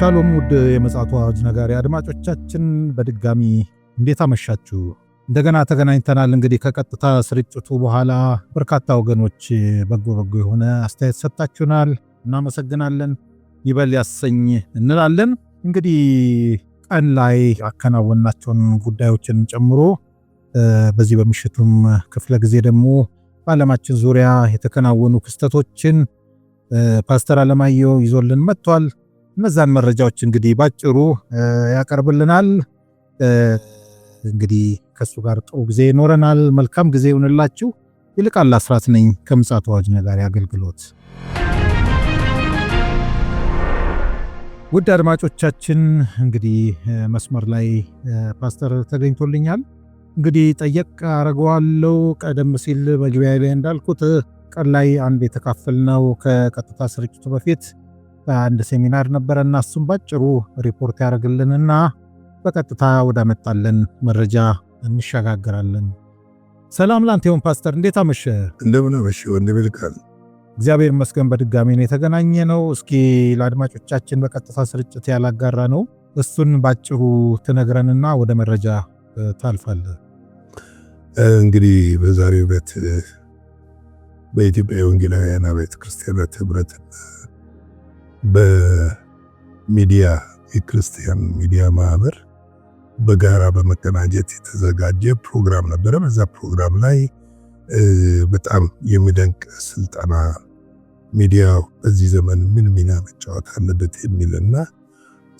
ሻሎም ውድ የምፅዓቱ አዋጅ ነጋሪ አድማጮቻችን በድጋሚ እንዴት አመሻችሁ? እንደገና ተገናኝተናል። እንግዲህ ከቀጥታ ስርጭቱ በኋላ በርካታ ወገኖች በጎ በጎ የሆነ አስተያየት ሰጥታችሁናል፣ እናመሰግናለን። ይበል ያሰኝ እንላለን። እንግዲህ ቀን ላይ ያከናወናቸውን ጉዳዮችን ጨምሮ በዚህ በምሽቱም ክፍለ ጊዜ ደግሞ በዓለማችን ዙሪያ የተከናወኑ ክስተቶችን ፓስተር አለማየሁ ይዞልን መጥቷል። እነዛን መረጃዎች እንግዲህ ባጭሩ ያቀርብልናል። እንግዲህ ከእሱ ጋር ጥሩ ጊዜ ይኖረናል። መልካም ጊዜ ይሁንላችሁ። ይልቃል አስራት ነኝ ከምፅዓቱ አዋጅ ነጋሪ አገልግሎት። ውድ አድማጮቻችን እንግዲህ መስመር ላይ ፓስተር ተገኝቶልኛል። እንግዲህ ጠየቅ አረገዋለው። ቀደም ሲል መግቢያ ላይ እንዳልኩት ቀን ላይ አንድ የተካፈልነው ከቀጥታ ስርጭቱ በፊት አንድ ሴሚናር ነበረ እና እሱም ባጭሩ ሪፖርት ያደርግልንና በቀጥታ ወዳመጣለን መረጃ እንሸጋግራለን። ሰላም ላንተ ይሁን ፓስተር፣ እንዴት አመሸ? እንደምን አመሸ ወንድሜ ልካል። እግዚአብሔር ይመስገን በድጋሚ ነው የተገናኘ ነው። እስኪ ለአድማጮቻችን በቀጥታ ስርጭት ያላጋራ ነው እሱን ባጭሩ ትነግረንና ወደ መረጃ ታልፋለ። እንግዲህ በዛሬው ዕለት በኢትዮጵያ የወንጌላውያን አብያተ ክርስቲያናት በሚዲያ የክርስቲያን ሚዲያ ማህበር በጋራ በመቀናጀት የተዘጋጀ ፕሮግራም ነበረ። በዛ ፕሮግራም ላይ በጣም የሚደንቅ ስልጠና ሚዲያው በዚህ ዘመን ምን ሚና መጫወት አለበት የሚልና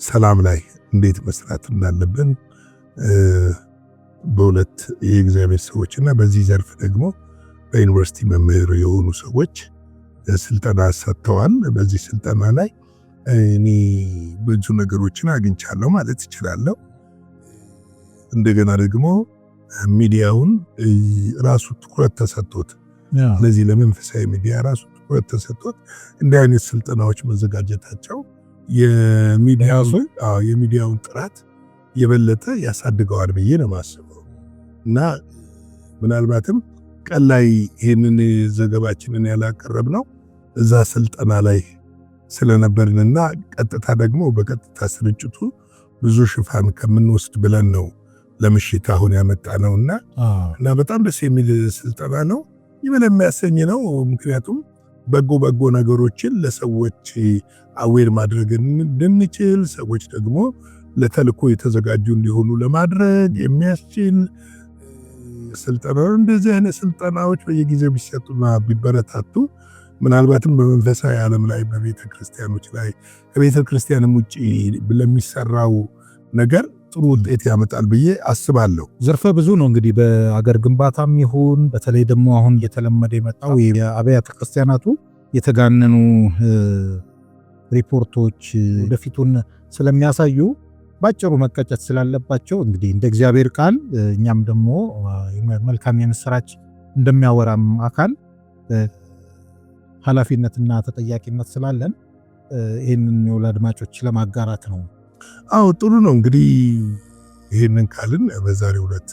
ሰላም ላይ እንዴት መስራት እንዳለብን በሁለት የእግዚአብሔር ሰዎች እና በዚህ ዘርፍ ደግሞ በዩኒቨርሲቲ መምህር የሆኑ ሰዎች ስልጠና ሰጥተዋል። በዚህ ስልጠና ላይ እኔ ብዙ ነገሮችን አግኝቻለሁ ማለት እችላለሁ። እንደገና ደግሞ ሚዲያውን ራሱ ትኩረት ተሰጥቶት ለዚህ ለመንፈሳዊ ሚዲያ ራሱ ትኩረት ተሰጥቶት እንዲህ አይነት ስልጠናዎች መዘጋጀታቸው የሚዲያውን ጥራት የበለጠ ያሳድገዋል ብዬ ነው የማስበው እና ምናልባትም ቀን ላይ ይህንን ዘገባችንን ያላቀረብ ነው እዛ ስልጠና ላይ ስለነበርንና ቀጥታ ደግሞ በቀጥታ ስርጭቱ ብዙ ሽፋን ከምንወስድ ብለን ነው ለምሽት አሁን ያመጣ ነውና እና በጣም ደስ የሚል ስልጠና ነው። ይበል የሚያሰኝ ነው። ምክንያቱም በጎ በጎ ነገሮችን ለሰዎች አዌር ማድረግ እንድንችል ሰዎች ደግሞ ለተልኮ የተዘጋጁ እንዲሆኑ ለማድረግ የሚያስችል ስልጠና እንደዚህ አይነት ስልጠናዎች በየጊዜው ቢሰጡና ቢበረታቱ ምናልባትም በመንፈሳዊ ዓለም ላይ በቤተ ክርስቲያኖች ላይ ከቤተ ክርስቲያንም ውጭ ለሚሰራው ነገር ጥሩ ውጤት ያመጣል ብዬ አስባለሁ። ዘርፈ ብዙ ነው እንግዲህ በአገር ግንባታም ይሁን በተለይ ደግሞ አሁን እየተለመደ የመጣው የአብያተ ክርስቲያናቱ የተጋነኑ ሪፖርቶች ወደፊቱን ስለሚያሳዩ ባጭሩ መቀጨት ስላለባቸው እንግዲህ እንደ እግዚአብሔር ቃል እኛም ደግሞ መልካም የምስራች እንደሚያወራም አካል ኃላፊነትና ተጠያቂነት ስላለን ይህንን የውል አድማጮች ለማጋራት ነው። አዎ ጥሩ ነው። እንግዲህ ይህንን ካልን በዛሬ ሁለት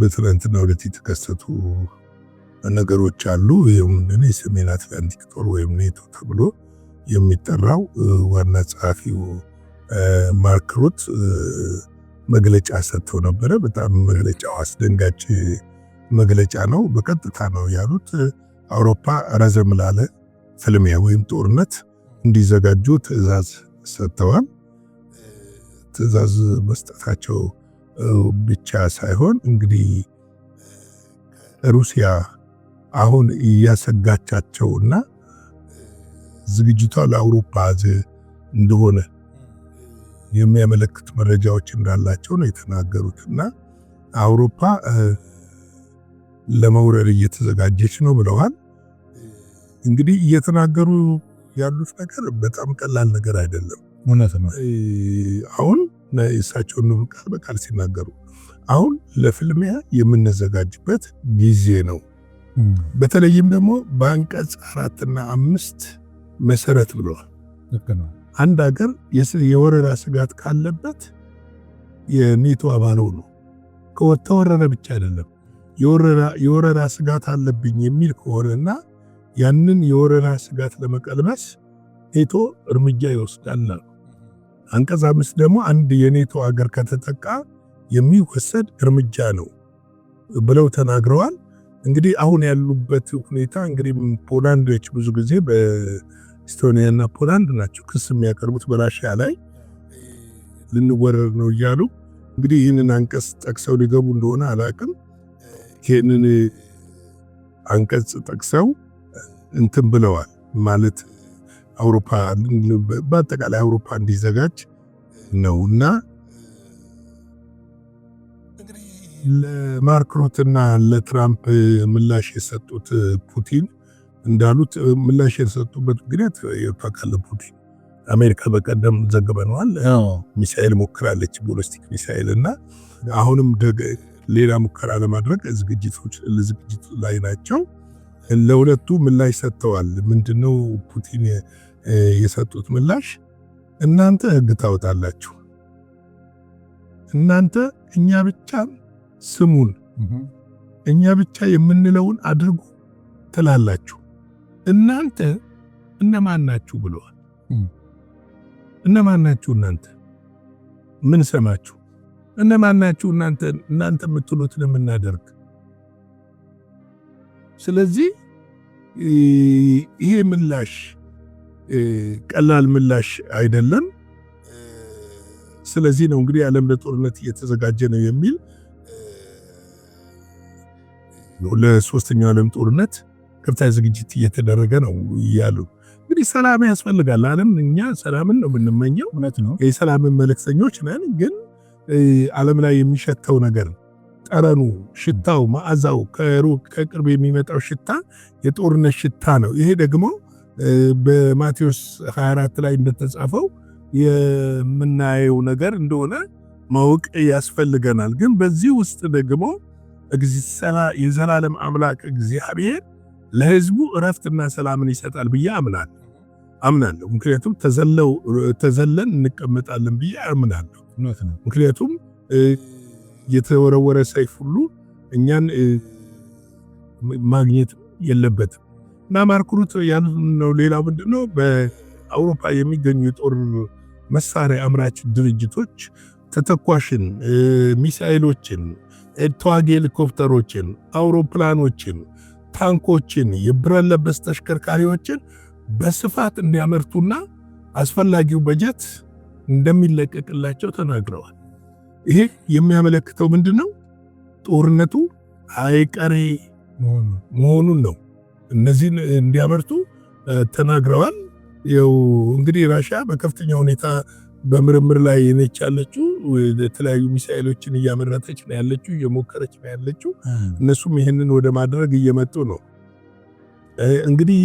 በትናንትና ሁለት የተከሰቱ ነገሮች አሉ። ምንድን የሰሜን አትላንቲክ ጦር ወይም ኔቶ ተብሎ የሚጠራው ዋና ጸሐፊው ማርክ ሩት መግለጫ ሰጥተው ነበረ። በጣም መግለጫው አስደንጋጭ መግለጫ ነው። በቀጥታ ነው ያሉት። አውሮፓ ረዘም ላለ ፍልሚያ ወይም ጦርነት እንዲዘጋጁ ትዕዛዝ ሰጥተዋል። ትዕዛዝ መስጠታቸው ብቻ ሳይሆን እንግዲህ ሩሲያ አሁን እና ዝግጅቷ ለአውሮፓ እንደሆነ የሚያመለክቱ መረጃዎች እንዳላቸው ነው የተናገሩት። እና አውሮፓ ለመውረር እየተዘጋጀች ነው ብለዋል። እንግዲህ እየተናገሩ ያሉት ነገር በጣም ቀላል ነገር አይደለም። እውነት ነው። አሁን እሳቸውን ቃል በቃል ሲናገሩ አሁን ለፍልሚያ የምንዘጋጅበት ጊዜ ነው። በተለይም ደግሞ በአንቀጽ አራትና አምስት መሰረት ብለዋል። አንድ ሀገር የወረራ ስጋት ካለበት የኔቶ አባል ሆኖ ከተወረረ ብቻ አይደለም፣ የወረራ ስጋት አለብኝ የሚል ከሆነና ያንን የወረራ ስጋት ለመቀልበስ ኔቶ እርምጃ ይወስዳል። አንቀጽ አምስት ደግሞ አንድ የኔቶ ሀገር ከተጠቃ የሚወሰድ እርምጃ ነው ብለው ተናግረዋል። እንግዲህ አሁን ያሉበት ሁኔታ እንግዲህ ፖላንዶች ብዙ ጊዜ ኢስቶኒያ እና ፖላንድ ናቸው ክስ የሚያቀርቡት በራሽያ ላይ ልንወረር ነው እያሉ እንግዲህ ይህንን አንቀጽ ጠቅሰው ሊገቡ እንደሆነ አላቅም። ይህንን አንቀጽ ጠቅሰው እንትን ብለዋል ማለት አውሮፓ በአጠቃላይ አውሮፓ እንዲዘጋጅ ነው እና ለማርክ ሩት እና ለትራምፕ ምላሽ የሰጡት ፑቲን እንዳሉት ምላሽ የተሰጡበት ምክንያት የታካለፉት አሜሪካ በቀደም ዘግበነዋል ሚሳኤል ሞክራለች ቦሎስቲክ ሚሳኤል እና አሁንም ሌላ ሙከራ ለማድረግ ዝግጅቶች ዝግጅት ላይ ናቸው። ለሁለቱ ምላሽ ሰጥተዋል። ምንድነው ፑቲን የሰጡት ምላሽ? እናንተ ህግ ታወጣላችሁ፣ እናንተ እኛ ብቻ ስሙን፣ እኛ ብቻ የምንለውን አድርጉ ትላላችሁ እናንተ እነማን ናችሁ ብለዋል። እነማን ናችሁ እናንተ? ምን ሰማችሁ? እነማን ናችሁ እናንተ? እናንተ የምትሉትን የምናደርግ። ስለዚህ ይሄ ምላሽ ቀላል ምላሽ አይደለም። ስለዚህ ነው እንግዲህ ዓለም ለጦርነት እየተዘጋጀ ነው የሚል ለሶስተኛው ዓለም ጦርነት ከፍተኛ ዝግጅት እየተደረገ ነው እያሉ እንግዲህ ሰላም ያስፈልጋል አለም። እኛ ሰላምን ነው የምንመኘው፣ እውነት ነው። የሰላምን መልክተኞች ነን። ግን አለም ላይ የሚሸተው ነገር ጠረኑ፣ ሽታው፣ መዓዛው ከሩቅ ከቅርብ የሚመጣው ሽታ የጦርነት ሽታ ነው። ይሄ ደግሞ በማቴዎስ 24 ላይ እንደተጻፈው የምናየው ነገር እንደሆነ ማወቅ ያስፈልገናል። ግን በዚህ ውስጥ ደግሞ የዘላለም አምላክ እግዚአብሔር ለህዝቡ እረፍትና ሰላምን ይሰጣል ብዬ አምናለሁ አምናለሁ። ምክንያቱም ተዘለን እንቀመጣለን ብዬ አምናለሁ። ምክንያቱም የተወረወረ ሰይፍ ሁሉ እኛን ማግኘት የለበትም እና ማርክ ሩት ሌላ ምንድነው? በአውሮፓ የሚገኙ የጦር መሳሪያ አምራች ድርጅቶች ተተኳሽን፣ ሚሳይሎችን፣ ተዋጊ ሄሊኮፕተሮችን፣ አውሮፕላኖችን ታንኮችን፣ የብረለበስ ተሽከርካሪዎችን በስፋት እንዲያመርቱና አስፈላጊው በጀት እንደሚለቀቅላቸው ተናግረዋል። ይሄ የሚያመለክተው ምንድን ነው? ጦርነቱ አይቀሬ መሆኑን ነው። እነዚህን እንዲያመርቱ ተናግረዋል። ይኸው እንግዲህ ራሻ በከፍተኛ ሁኔታ በምርምር ላይ ነች ያለችው። የተለያዩ ሚሳኤሎችን እያመረተች ነው ያለችው፣ እየሞከረች ነው ያለችው። እነሱም ይህንን ወደ ማድረግ እየመጡ ነው። እንግዲህ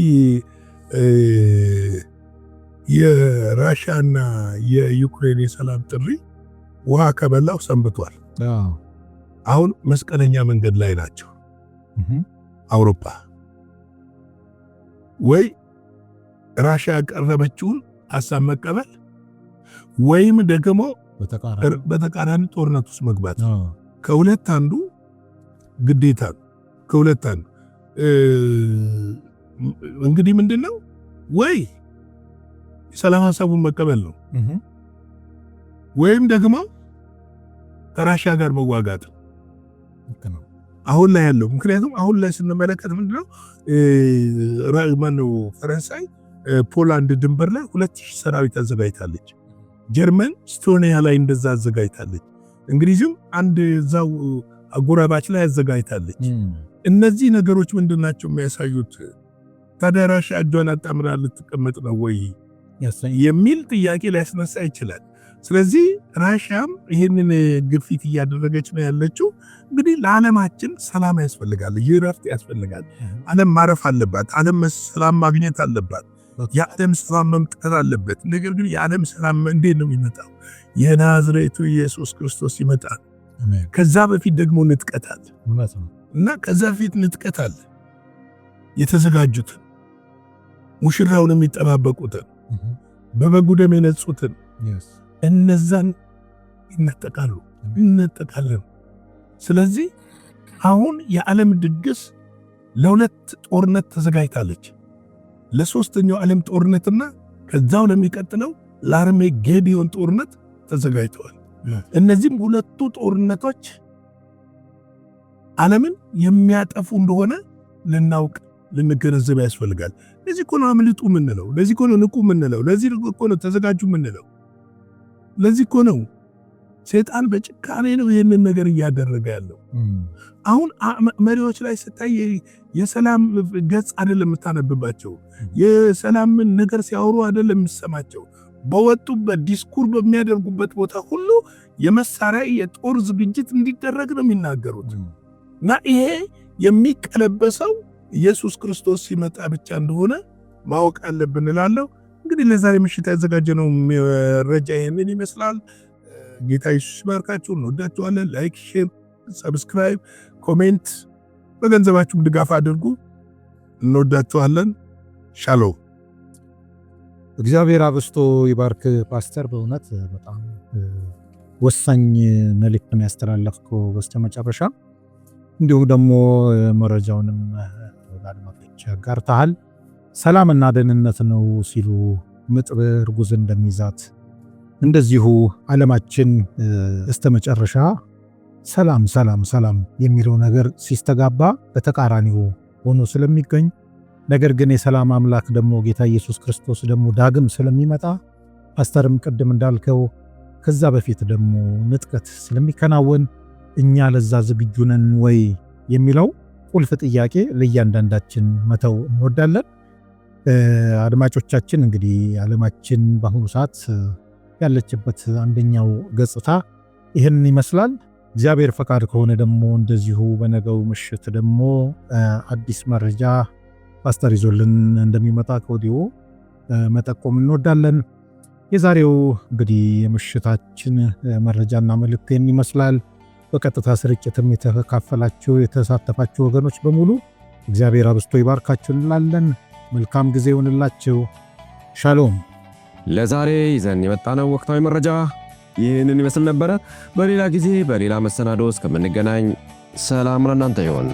የራሽያና የዩክሬን የሰላም ጥሪ ውሃ ከበላው ሰንብቷል። አሁን መስቀለኛ መንገድ ላይ ናቸው አውሮፓ። ወይ ራሽያ ያቀረበችውን ሀሳብ መቀበል ወይም ደግሞ በተቃራኒ ጦርነት ውስጥ መግባት ከሁለት አንዱ ግዴታ ነው። ከሁለት አንዱ እንግዲህ ምንድን ነው ወይ የሰላም ሀሳቡን መቀበል ነው ወይም ደግሞ ከራሻ ጋር መዋጋት ነው አሁን ላይ ያለው። ምክንያቱም አሁን ላይ ስንመለከት ምንድነው ማነው ፈረንሳይ ፖላንድ ድንበር ላይ ሁለት ሺህ ሰራዊት አዘጋጅታለች። ጀርመን ስቶኒያ ላይ እንደዛ አዘጋጅታለች። እንግሊዝም አንድ እዛው አጎራባች ላይ አዘጋጅታለች። እነዚህ ነገሮች ምንድናቸው የሚያሳዩት? ተደራሽ እጇን አጣምራ ልትቀመጥ ነው ወይ የሚል ጥያቄ ሊያስነሳ ይችላል። ስለዚህ ራሽያም ይህንን ግፊት እያደረገች ነው ያለችው። እንግዲህ ለዓለማችን ሰላም ያስፈልጋል፣ ይረፍት ያስፈልጋል። ዓለም ማረፍ አለባት። ዓለም ሰላም ማግኘት አለባት። የዓለም ሰላም መምጣት አለበት። ነገር ግን የዓለም ሰላም እንዴት ነው የሚመጣው? የናዝሬቱ ኢየሱስ ክርስቶስ ይመጣል። ከዛ በፊት ደግሞ ንጥቀታል እና ከዛ በፊት ንጥቀታል የተዘጋጁትን ሙሽራውን የሚጠባበቁትን በበጉ ደም የነጹትን እነዛን ይነጠቃሉ ይነጠቃለን። ስለዚህ አሁን የዓለም ድግስ ለሁለት ጦርነት ተዘጋጅታለች። ለሶስተኛው ዓለም ጦርነትና ከዛው ለሚቀጥለው ጌዲዮን ጦርነት ተዘጋጅተዋል። እነዚህም ሁለቱ ጦርነቶች ዓለምን የሚያጠፉ እንደሆነ ልናውቅ ልንገነዘብ ያስፈልጋል። ለዚህ እኮ ነው አምልጡ የምንለው ለዚህ እኮ ነው ንቁ ምንለው፣ ለዚህ እኮ ነው ተዘጋጁ ምንለው፣ ለዚህ እኮ ነው ሴጣን በጭካኔ ነው ይህንን ነገር እያደረገ ያለው። አሁን መሪዎች ላይ ስታይ የሰላም ገጽ አይደለም የምታነብባቸው፣ የሰላምን ነገር ሲያወሩ አይደለም የምትሰማቸው። በወጡበት ዲስኩር በሚያደርጉበት ቦታ ሁሉ የመሳሪያ የጦር ዝግጅት እንዲደረግ ነው የሚናገሩት እና ይሄ የሚቀለበሰው ኢየሱስ ክርስቶስ ሲመጣ ብቻ እንደሆነ ማወቅ አለብን እላለሁ። እንግዲህ ለዛሬ ምሽት ያዘጋጀነው መረጃ ይህንን ይመስላል። ጌታ ኢየሱስ ይባርካችሁ። እንወዳችኋለን። ላይክ፣ ሼር፣ ሰብስክራይብ፣ ኮሜንት፣ በገንዘባችሁም ድጋፍ አድርጉ። እንወዳችኋለን። ሻሎም። እግዚአብሔር አብስቶ ይባርክ። ፓስተር በእውነት በጣም ወሳኝ መልእክት ነው ያስተላለፍከው። መጨረሻ እንዲሁም ደግሞ መረጃውንም ለአድማጮች አጋርተሃል። ሰላምና ደህንነት ነው ሲሉ ምጥ እርጉዝ እንደሚይዛት እንደዚሁ ዓለማችን እስተመጨረሻ ሰላም ሰላም ሰላም የሚለው ነገር ሲስተጋባ በተቃራኒው ሆኖ ስለሚገኝ ነገር ግን የሰላም አምላክ ደግሞ ጌታ ኢየሱስ ክርስቶስ ደግሞ ዳግም ስለሚመጣ ፓስተርም ቅድም እንዳልከው ከዛ በፊት ደግሞ ንጥቀት ስለሚከናወን እኛ ለዛ ዝግጁ ነን ወይ የሚለው ቁልፍ ጥያቄ ለእያንዳንዳችን መተው እንወዳለን። አድማጮቻችን እንግዲህ ዓለማችን በአሁኑ ሰዓት ያለችበት አንደኛው ገጽታ ይህን ይመስላል። እግዚአብሔር ፈቃድ ከሆነ ደግሞ እንደዚሁ በነገው ምሽት ደግሞ አዲስ መረጃ ፓስተር ይዞልን እንደሚመጣ ከወዲሁ መጠቆም እንወዳለን። የዛሬው እንግዲህ የምሽታችን መረጃና መልእክት ይመስላል። በቀጥታ ስርጭትም የተካፈላችሁ የተሳተፋችሁ ወገኖች በሙሉ እግዚአብሔር አብስቶ ይባርካችሁ እንላለን። መልካም ጊዜ ይሁንላችሁ። ሻሎም ለዛሬ ይዘን የመጣነው ወቅታዊ መረጃ ይህንን ይመስል ነበረ። በሌላ ጊዜ በሌላ መሰናዶ እስከምንገናኝ ሰላም ለእናንተ ይሆን።